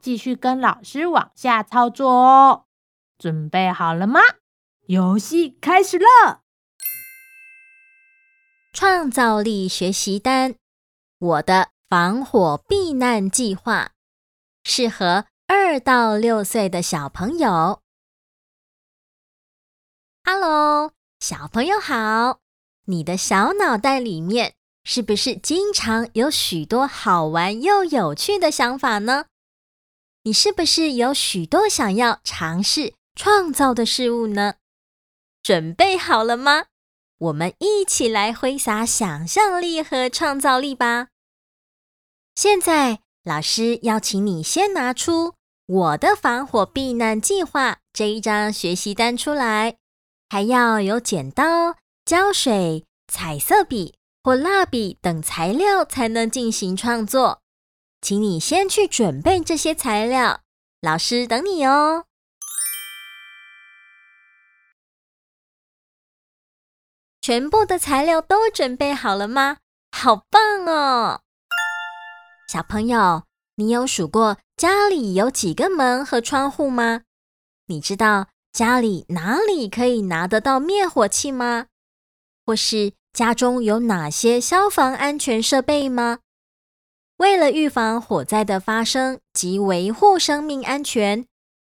繼續跟老師往下操作哦，準備好了嗎？遊戲開始了。創造力學習單，我的防火避難計劃，適合2到6歲的小朋友。Hello，小朋友好，你的小腦袋裡面是不是經常有許多好玩又有趣的想法呢？你是不是有許多想要嘗試創造的事物呢？準備好了嗎？我們一起來揮灑想象力和創造力吧！現在，老師要請你先拿出我的防火避難計劃這一張學習單出來，還要有剪刀、膠水、彩色筆或蠟筆等材料，才能進行創作。請你先去準備這些材料，老師等你哦。全部的材料都準備好了嗎？好棒哦！小朋友，你有數過家裡有幾個門和窗戶嗎？你知道家裡哪裡可以拿得到滅火器嗎？或是家中有哪些消防安全設備嗎？為了預防火災的發生及維護生命安全，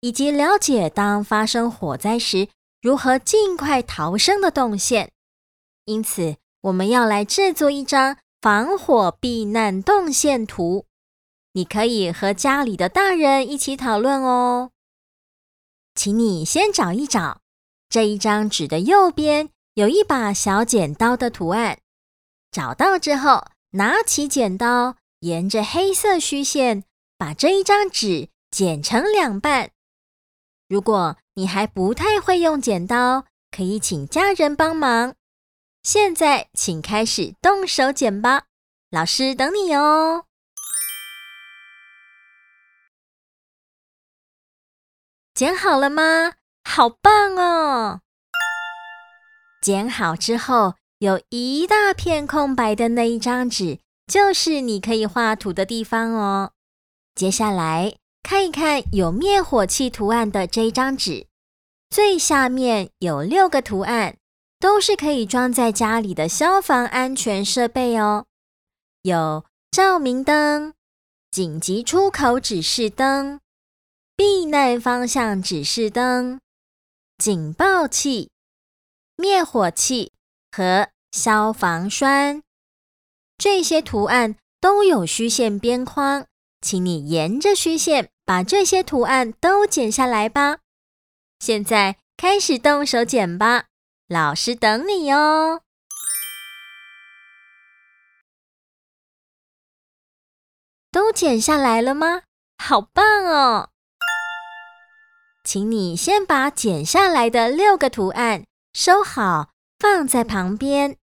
以及了解當發生火災時如何盡快逃生的動線，因此我們要來製作一張防火避難動線圖。你可以和家裡的大人一起討論哦。請你先找一找，這一張紙的右邊有一把小剪刀的圖案，找到之後拿起剪刀。沿着黑色虛線，把這一張紙剪成兩半。如果你還不太會用剪刀，可以請家人幫忙。現在，請開始動手剪吧，老師等你哦。剪好了嗎？好棒哦！剪好之後，有一大片空白的那一張紙。就是你可以畫圖的地方哦。接下來看一看有滅火器圖案的這張紙，最下面有六個圖案，都是可以裝在家裡的消防安全設備哦。有照明燈、緊急出口指示燈、避難方向指示燈、警報器、滅火器和消防栓。這些圖案都有虛線邊框，請你沿着虛線把這些圖案都剪下來吧。現在開始動手剪吧，老師等你哦。都剪下來了嗎？好棒哦！請你先把剪下來的六個圖案收好，放在旁邊。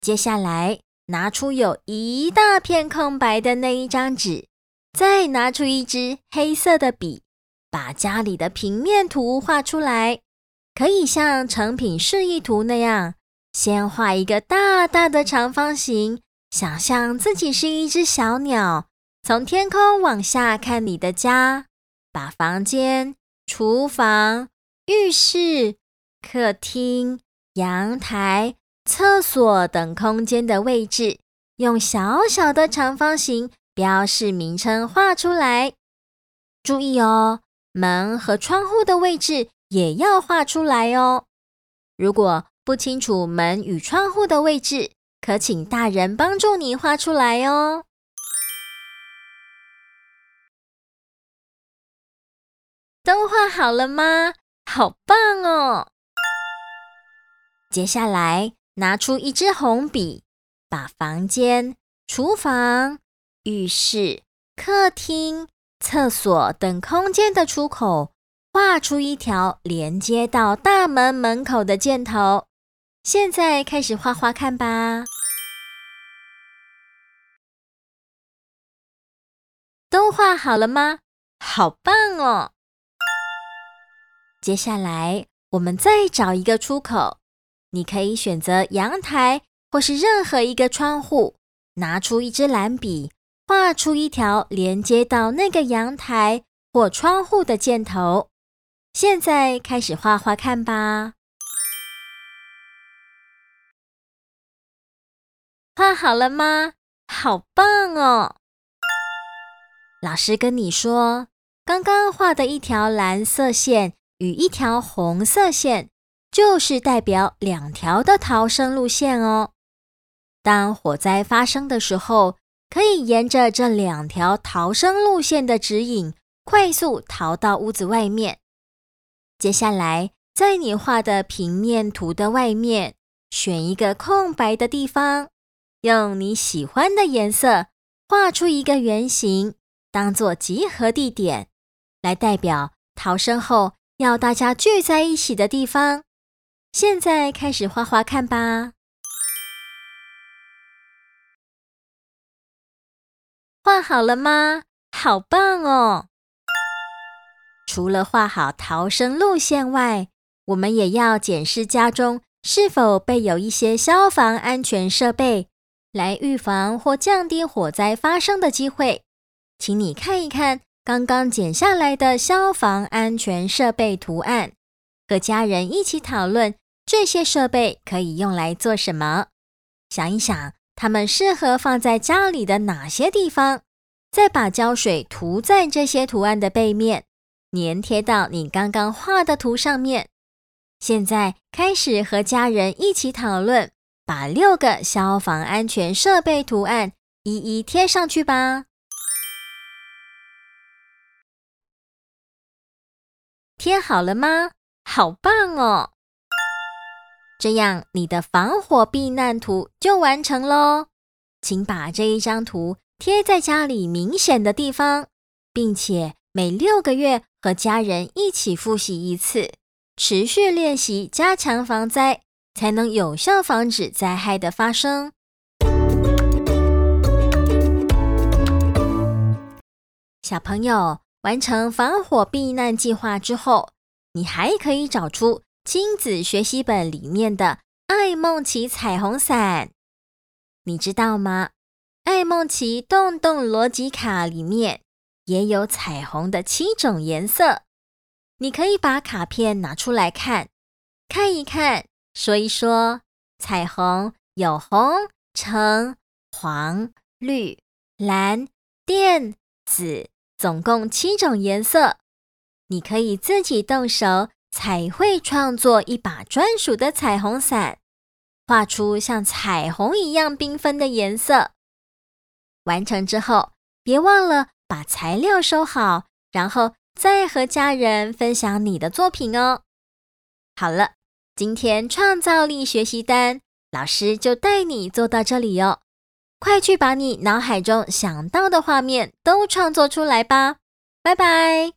接下來。拿出有一大片空白的那一張紙，再拿出一支黑色的筆，把家裡的平面圖畫出來。可以像成品示意圖那樣，先畫一個大大的長方形，想象自己是一隻小鳥，從天空往下看你的家，把房間、廚房、浴室、客廳、陽台。廁所等空間的位置，用小小的長方形標示名稱畫出來。注意哦，門和窗戶的位置也要畫出來哦。如果不清楚門與窗戶的位置，可請大人幫助你畫出來哦。都畫好了嗎？好棒哦！接下來，拿出一支紅筆，把房間、廚房、浴室、客廳、廁所等空間的出口畫出一條連接到大門門口的箭頭。現在開始畫畫看吧。都畫好了嗎？好棒哦！接下來我們再找一個出口。你可以選擇陽台或是任何一個窗戶，拿出一支藍筆，畫出一條連接到那個陽台或窗戶的箭頭。現在開始畫畫看吧。畫好了嗎？好棒哦！老師跟你說，剛剛畫的一條藍色線與一條紅色線，就是代表兩條的逃生路線哦。當火災發生的時候，可以沿着這兩條逃生路線的指引，快速逃到屋子外面。接下來，在你畫的平面圖的外面，選一個空白的地方，用你喜歡的顏色畫出一個圓形，當做集合地點，來代表逃生後要大家聚在一起的地方。現在開始畫畫看吧。畫好了嗎？好棒哦！除了畫好逃生路線外，我們也要檢視家中是否備有一些消防安全設備，來預防或降低火災發生的機會。請你看一看剛剛剪下來的消防安全設備圖案，和家人一起討論。這些設備可以用來做什麼？想一想，它們適合放在家裡的哪些地方？再把膠水塗在這些圖案的背面，粘貼到你剛剛畫的圖上面。現在開始和家人一起討論，把六個消防安全設備圖案一一貼上去吧。貼好了嗎？好棒哦！這樣你的防火避難圖就完成嘍，請把這一張圖貼在家裡明顯的地方，並且每六個月和家人一起複習一次，持續練習加強防災，才能有效防止災害的發生。小朋友完成防火避難計劃之後，你還可以找出。親子學習本裡面的《愛孟奇彩虹傘》，你知道嗎？《愛孟奇動動邏輯卡》裡面也有彩虹的七種顏色，你可以把卡片拿出來看，看一看，說一說，彩虹有紅、橙、黃、綠、藍、靛、紫，總共七種顏色。你可以自己動手。彩繪創作一把專屬的彩虹傘，畫出像彩虹一樣繽紛的顏色。完成之後，別忘了把材料收好，然後再和家人分享你的作品哦。好了，今天創造力學習單老師就帶你做到這裡喲、哦。快去把你腦海中想到的畫面都創作出來吧！拜拜。